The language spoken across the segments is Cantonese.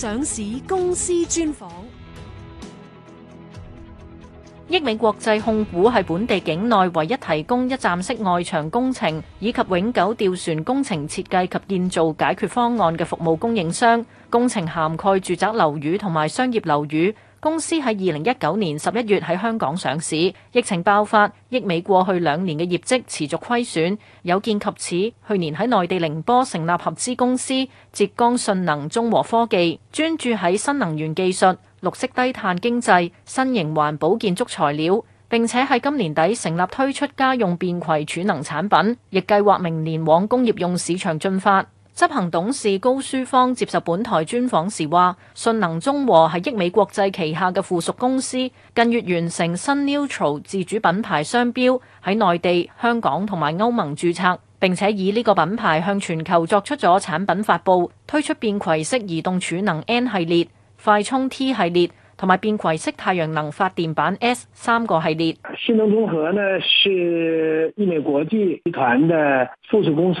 上市公司專訪，益美國際控股係本地境內唯一提供一站式外牆工程以及永久吊船工程設計及建造解決方案嘅服務供應商，工程涵蓋住宅樓宇同埋商業樓宇。公司喺二零一九年十一月喺香港上市，疫情爆發，益美過去兩年嘅業績持續虧損，有見及此，去年喺內地寧波成立合資公司浙江信能中和科技，專注喺新能源技術、綠色低碳經濟、新型環保建築材料，並且喺今年底成立推出家用便攜儲，儲能產品，亦計劃明年往工業用市場進發。執行董事高書方接受本台專訪時話：信能中和係益美國際旗下嘅附屬公司，近月完成新 n e u t r a l 自主品牌商標喺內地、香港同埋歐盟註冊，並且以呢個品牌向全球作出咗產品發布，推出便攜式移動儲能 N 系列、快充 T 系列同埋便攜式太陽能發電板 S 三個系列。信能中和呢是益美國際集團的附屬公司。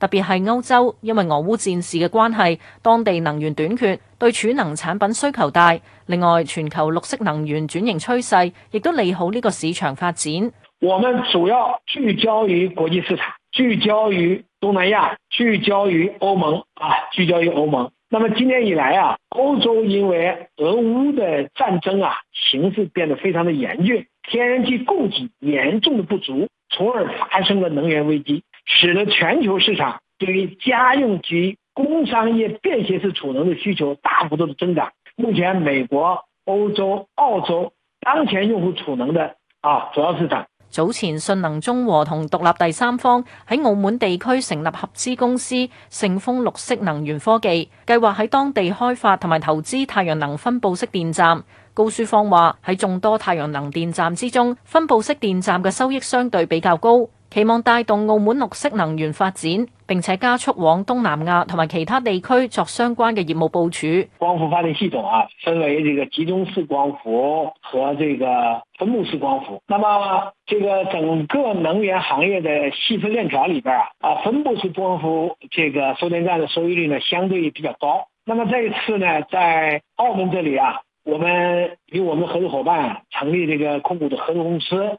特別係歐洲，因為俄烏戰事嘅關係，當地能源短缺，對儲能產品需求大。另外，全球綠色能源轉型趨勢亦都利好呢個市場發展。我們主要聚焦於國際市場，聚焦於東南亞，聚焦於歐盟啊，聚焦於歐盟。那麼今年以來啊，歐洲因為俄烏嘅戰爭啊，形勢變得非常的嚴峻，天然氣供給嚴重的不足，從而發生了能源危機。使得全球市場對於家用及工商業便携式儲能的需求大幅度的增長。目前，美國、歐洲、澳洲當前用戶儲能的啊主要市場。早前，信能中和同獨立第三方喺澳門地區成立合資公司盛豐綠色能源科技，計劃喺當地開發同埋投資太陽能分布式電站。高書方話喺眾多太陽能電站之中，分布式電站嘅收益相對比較高。期望帶動澳門綠色能源發展，並且加速往東南亞同埋其他地區作相關嘅業務部署。光伏發電系統啊，分為這個集中式光伏和這個分布式光伏。那麼這個整個能源行業的細分鏈條裏邊啊，啊，分布式光伏這個收電站的收益率呢，相對比較高。那麼這一次呢，在澳門這裏啊，我們與我們合作夥伴成立這個控股的合作公司。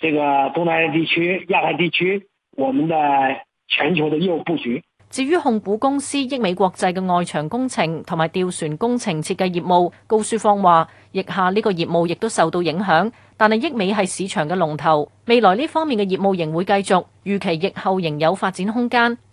這個東南亞地區、亞太地區，我們的全球的業務佈局。至於控股公司益美國際嘅外牆工程同埋吊船工程設計業務，高書方話，疫下呢個業務亦都受到影響，但係益美係市場嘅龍頭，未來呢方面嘅業務仍會繼續，預期疫後仍有發展空間。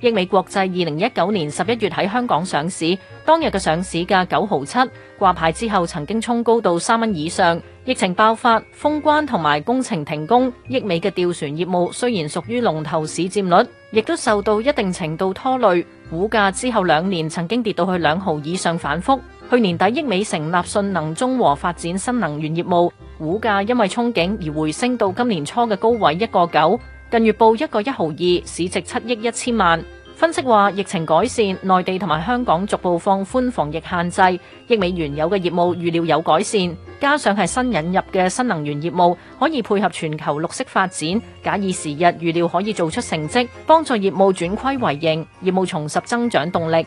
益美國際二零一九年十一月喺香港上市，當日嘅上市價九毫七，掛牌之後曾經衝高到三蚊以上。疫情爆發、封關同埋工程停工，益美嘅吊船業務雖然屬於龍頭市佔率，亦都受到一定程度拖累，股價之後兩年曾經跌到去兩毫以上反覆。去年底益美成立信能中和發展新能源業務，股價因為憧憬而回升到今年初嘅高位一個九。近月報一個一毫二，市值七億一千萬。分析話疫情改善，內地同埋香港逐步放寬防疫限制，益美原有嘅業務預料有改善，加上係新引入嘅新能源業務，可以配合全球綠色發展，假以時日，預料可以做出成績，幫助業務轉虧為盈，業務重拾增長動力。